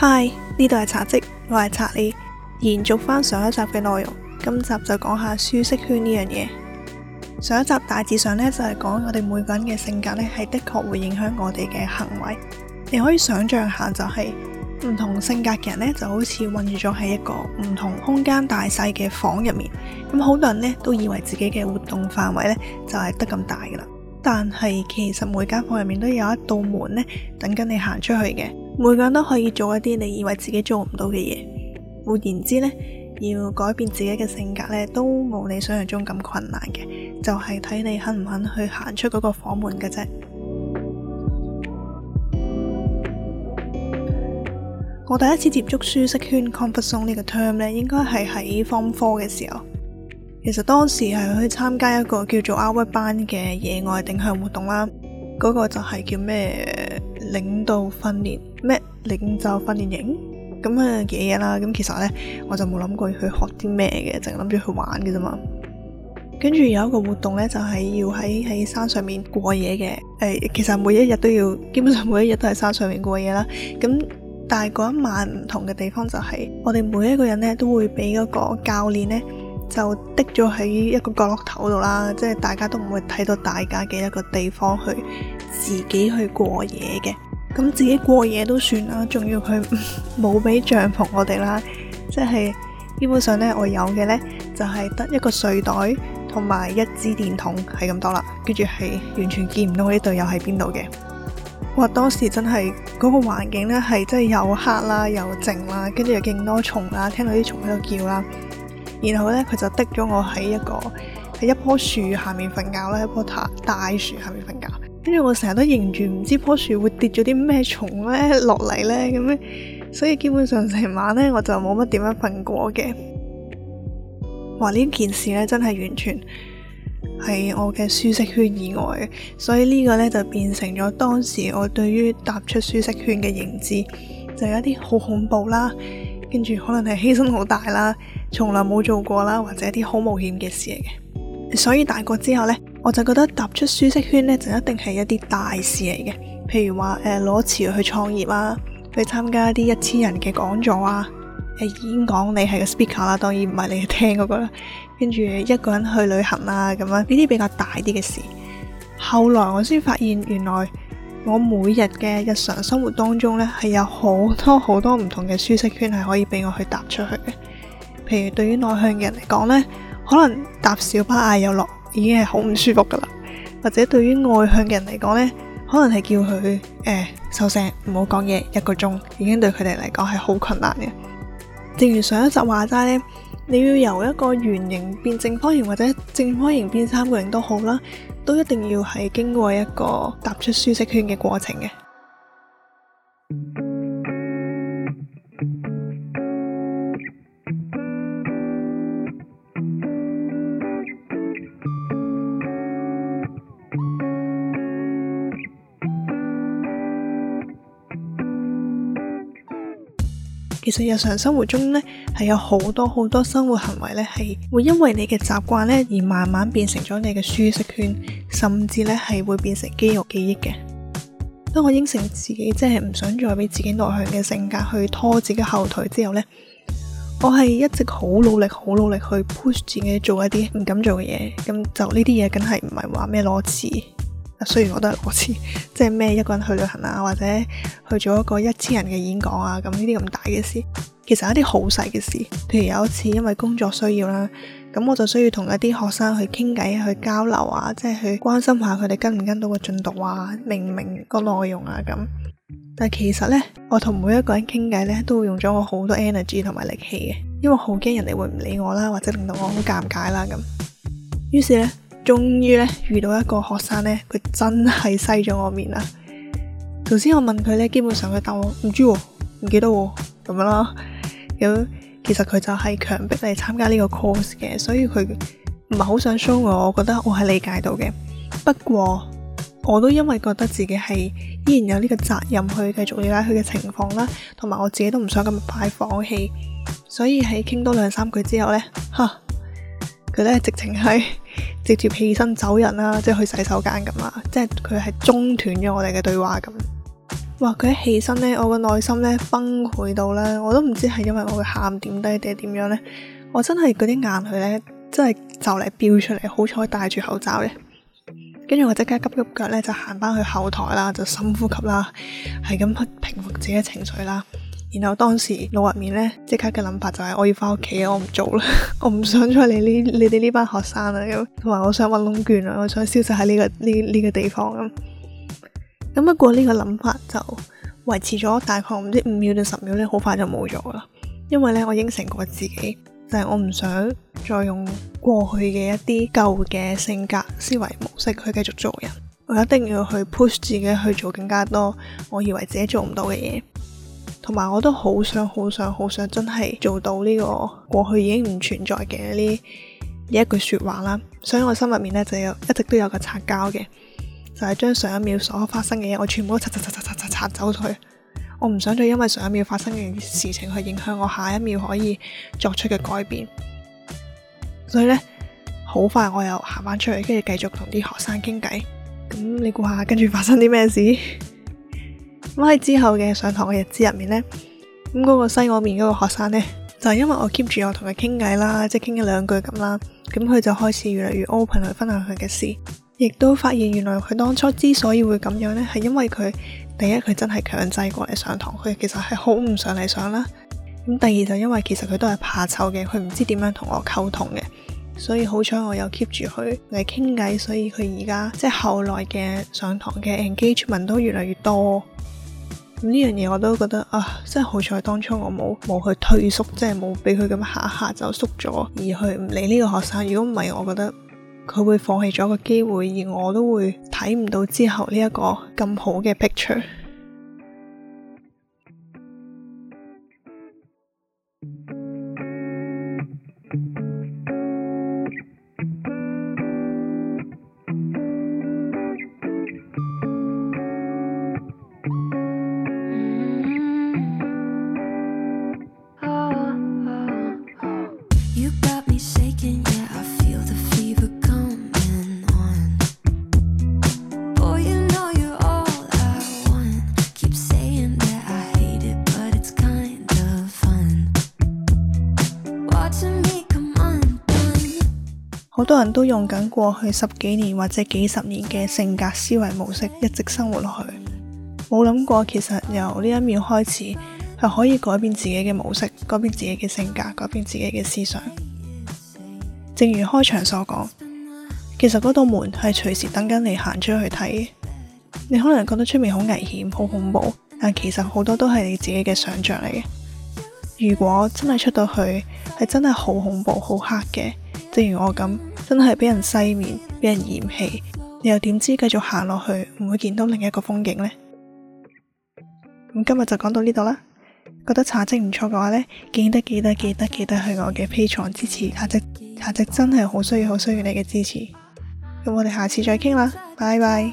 Hi，呢度係茶嘖，我係查李，延續翻上，上一集嘅內容，今集就講下舒適圈呢樣嘢。上一集大致上呢，就係講我哋每個人嘅性格呢，係的確會影響我哋嘅行為。你可以想象下就係唔同性格嘅人呢，就好似困住咗喺一個唔同空間大細嘅房入面。咁好多人呢，都以為自己嘅活動範圍呢，就係得咁大㗎喇，但係其實每間房入面都有一道門呢，等緊你行出去嘅。每個人都可以做一啲你以為自己做唔到嘅嘢。換言之呢，要改變自己嘅性格呢，都冇你想象中咁困難嘅，就係、是、睇你肯唔肯去行出嗰個房門嘅啫。 我第一次接觸舒適圈 （comfort zone） 呢個 term 呢，應該係喺 Form Four 嘅時候。其實當時係去參加一個叫做 Outwork 班嘅野外定向活動啦，嗰、那個就係叫咩？領導訓練咩？領袖訓練營咁啊嘅嘢啦，咁、嗯、其實咧我就冇諗過去學啲咩嘅，淨係諗住去玩嘅啫嘛。跟住有一個活動咧，就係、是、要喺喺山上面過夜嘅。誒、欸，其實每一日都要，基本上每一日都係山上面過夜啦。咁但係嗰一晚唔同嘅地方就係、是，我哋每一個人咧都會俾嗰個教練咧就滴咗喺一個角落頭度啦，即係大家都唔會睇到大家嘅一個地方去。自己去過夜嘅，咁自己過夜都算啦，仲要佢冇俾帳篷我哋啦，即係基本上呢，我有嘅呢就係得一個睡袋同埋一支電筒係咁多啦，跟住係完全見唔到我啲隊友喺邊度嘅。哇，當時真係嗰個環境呢，係真係又黑啦又靜啦，跟住又勁多蟲啦，聽到啲蟲喺度叫啦，然後呢，佢就滴咗我喺一個喺一棵樹下面瞓覺啦，一棵大大樹下面瞓。跟住我成日都凝住，唔知棵樹會跌咗啲咩蟲咧落嚟咧，咁，所以基本上成晚咧我就冇乜點樣瞓過嘅。話呢件事咧真係完全係我嘅舒適圈以外嘅，所以呢個咧，就變成咗當時我對於踏出舒適圈嘅認知，就有一啲好恐怖啦，跟住可能係犧牲好大啦，從來冇做過啦，或者一啲好冒險嘅事嚟嘅。所以大個之後咧。我就覺得踏出舒適圈呢，就一定係一啲大事嚟嘅，譬如話誒攞錢去創業啊，去參加一啲一千人嘅講座啊，誒演講你係個 speaker 啦、啊，當然唔係你去聽嗰個啦，跟住一個人去旅行啊咁樣，呢啲比較大啲嘅事。後來我先發現，原來我每日嘅日常生活當中呢，係有好多好多唔同嘅舒適圈係可以俾我去踏出去嘅。譬如對於內向嘅人嚟講呢，可能搭小巴嗌有落。已經係好唔舒服噶啦，或者對於外向嘅人嚟講呢，可能係叫佢誒收聲唔好講嘢一個鐘，已經對佢哋嚟講係好困難嘅。正如上一集話齋呢，你要由一個圓形變正方形，或者正方形變三角形都好啦，都一定要係經過一個踏出舒適圈嘅過程嘅。其實日常生活中呢，係有好多好多生活行為呢，係會因為你嘅習慣呢，而慢慢變成咗你嘅舒適圈，甚至呢，係會變成肌肉記憶嘅。當我應承自己，即係唔想再俾自己內向嘅性格去拖自己後腿之後呢，我係一直好努力、好努力去 push 自己做一啲唔敢做嘅嘢。咁就呢啲嘢，梗係唔係話咩攞刺。雖然我都係嗰次，即係咩一個人去旅行啊，或者去做一個一千人嘅演講啊，咁呢啲咁大嘅事，其實係一啲好細嘅事。譬如有一次，因為工作需要啦，咁我就需要同一啲學生去傾偈、去交流啊，即係去關心下佢哋跟唔跟到個進度啊，明唔明個內容啊咁。但係其實呢，我同每一個人傾偈呢，都會用咗我好多 energy 同埋力氣嘅，因為好驚人哋會唔理我啦，或者令到我好尷尬啦咁。於是呢。終於咧遇到一個學生咧，佢真係嘥咗我面啦。頭先我問佢咧，基本上佢答我唔知、唔記得咁樣啦。咁其實佢就係強迫你參加呢個 course 嘅，所以佢唔係好想 show 我，我覺得我係理解到嘅。不過我都因為覺得自己係依然有呢個責任去繼續了解佢嘅情況啦，同埋我自己都唔想咁快放棄，所以喺傾多兩三句之後咧，吓。佢咧，呢直情係直接起身走人啦，即係去洗手間咁啊！即係佢係中斷咗我哋嘅對話咁。哇！佢一起身咧，我個內心咧崩潰到咧，我都唔知係因為我會喊點低定係點樣咧。我真係嗰啲眼淚咧，真係就嚟飆出嚟。好彩戴住口罩嘅。跟住我即刻急急腳咧就行翻去後台啦，就深呼吸啦，係咁平復自己嘅情緒啦。然後當時腦入面呢，即刻嘅諗法就係我要翻屋企，我唔做啦， 我唔想再理呢你哋呢班學生啦，啊，同埋我想搵窿捲啊，我想消失喺呢、這個呢呢、這個這個地方咁，啊。咁不過呢個諗法就維持咗大概唔知五秒到十秒咧，好快就冇咗啦。因為呢，我應承過自己，就係、是、我唔想再用過去嘅一啲舊嘅性格思維模式去繼續做人。我一定要去 push 自己去做更加多我以為自己做唔到嘅嘢。同埋我都好想、好想、好想，真係做到呢個過去已經唔存在嘅呢一句説話啦。所以我心入面咧就有一直都有個擦膠嘅，就係將上一秒所發生嘅嘢，我全部都擦擦擦擦擦擦擦走佢。我唔想再因為上一秒發生嘅事情去影響我下一秒可以作出嘅改變。所以咧，好快我又行翻出去，跟住繼續同啲學生傾偈。咁你估下，跟住發生啲咩事？咁喺之後嘅上堂嘅日子入面呢，咁、那、嗰個西外面嗰個學生呢，就係、是、因為我 keep 住我同佢傾偈啦，即係傾一兩句咁啦。咁佢就開始越嚟越 open 去分享佢嘅事，亦都發現原來佢當初之所以會咁樣呢，係因為佢第一佢真係強制過嚟上堂，佢其實係好唔想嚟上啦。咁第二就是、因為其實佢都係怕醜嘅，佢唔知點樣同我溝通嘅，所以好彩我有 keep 住佢嚟傾偈，所以佢而家即係後來嘅上堂嘅 engagement 都越嚟越多。咁呢樣嘢我都覺得啊，真係好在當初我冇冇去退縮，即係冇俾佢咁下下就縮咗，而去唔理呢個學生。如果唔係，我覺得佢會放棄咗個機會，而我都會睇唔到之後呢一個咁好嘅 picture。都用緊過去十幾年或者幾十年嘅性格思維模式一直生活落去，冇諗過其實由呢一秒開始係可以改變自己嘅模式，改變自己嘅性格，改變自己嘅思想。正如開場所講，其實嗰道門係隨時等緊你行出去睇。你可能覺得出面好危險、好恐怖，但其實好多都係你自己嘅想象嚟嘅。如果真係出到去，係真係好恐怖、好黑嘅。正如我咁，真係俾人細面，俾人嫌棄，你又點知繼續行落去唔會見到另一個風景呢？咁今日就講到呢度啦。覺得茶即唔錯嘅話呢，記得記得記得記得去我嘅 P 廠支持，茶即茶即真係好需要好需要你嘅支持。咁我哋下次再傾啦，拜拜。